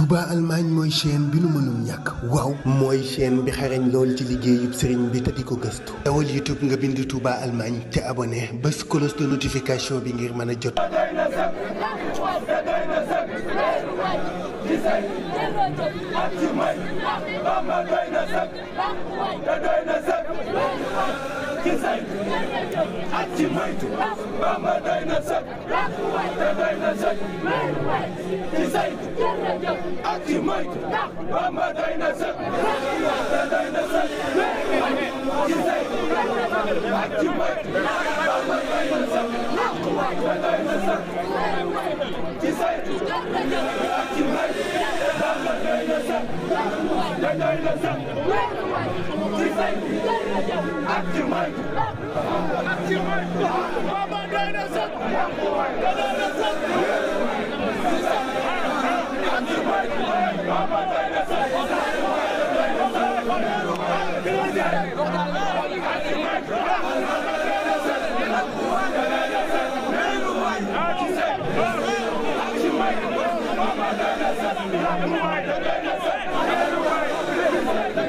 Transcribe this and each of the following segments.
Touba Allemagne mooy chaîne bi nu mënul ñàkk waaw mooy chaîne bi xarañ lool ci liggéeyub sëriñ bi te di ko gëstu dawal YouTube nga bind Touba Allemagne te abonné bés cloche notification bi ngir mën a jot ci say ak ci may Bamba doy na sëkk te doy na sëkk ci say ak ci maytu Bamba doy na sëkk te doy na sëkk ci say ak ci maytu Bamba doy na sëkk te doy na sëkk ci say ak ci maytu Bamba doy na sëkk te doy na sëkk day doy la sëkk ci sëy ak ci may ak ci may baba doy na sëkk da doy na sëkk ci sëy ak ci may baba doy na sëkk Baba doy na sëkk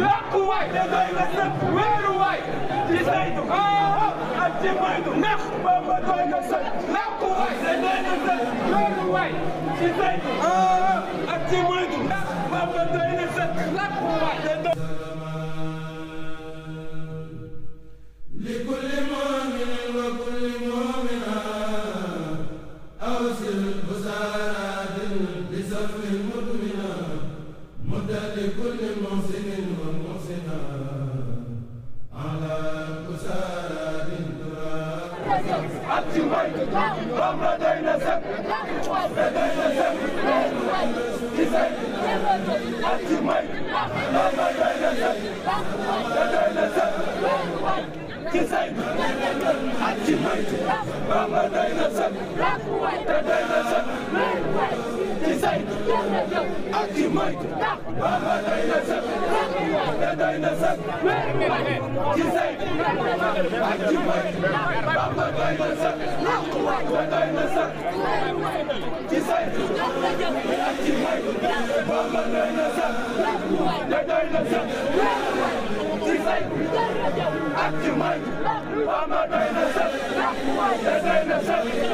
yàquwaay da doy na sëkk weeruwaay ci saytu xaaxal ak ci moytu ndax Bamba doy na sëkk yàquwaay da doy na sëkk weeruwaay ci saytu xaaxal ak ci moytu ndax Bamba doy na sëkk yàquwaay ak ci mbay bam la doy na sëkk la doy na sëkk ci sëy ak ci mbay bam la doy na sëkk la doy na sëkk ci sëy ak ci mbay bam la doy na sëkk la doy na sëkk say ak ci moy baba day na sëkk baba day na sëkk ci say ak ci moy baba day na sëkk baba day na sëkk ci say ak ci moy baba day na sëkk day na sëkk ci say ak ci moy baba day na sëkk day na sëkk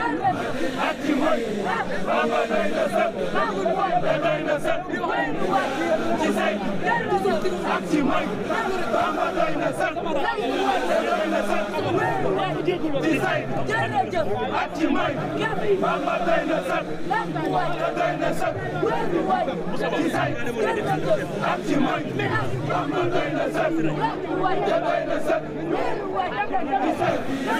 حق موي بابا دوي na set baaxul mooy da doy na set di wax leen di waat ci say ak ci mooy bamba doy na set baaxul mooy da doy na set ci say ak ci mooy bamba doy na set da doy na set ci say ak ci mooy bamba doy na set da doy na set ci say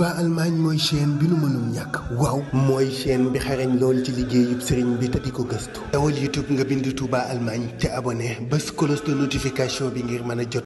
Touba almaañ mooy chaîne bi nu mënul ñàkk waaw mooy chaîne bi xarañ lool ci liggéeyub sëriñ bi te di ko gëstu dawal YouTube nga bind Touba Allemagne te abonné bés cloche de notification bi ngir mën a jot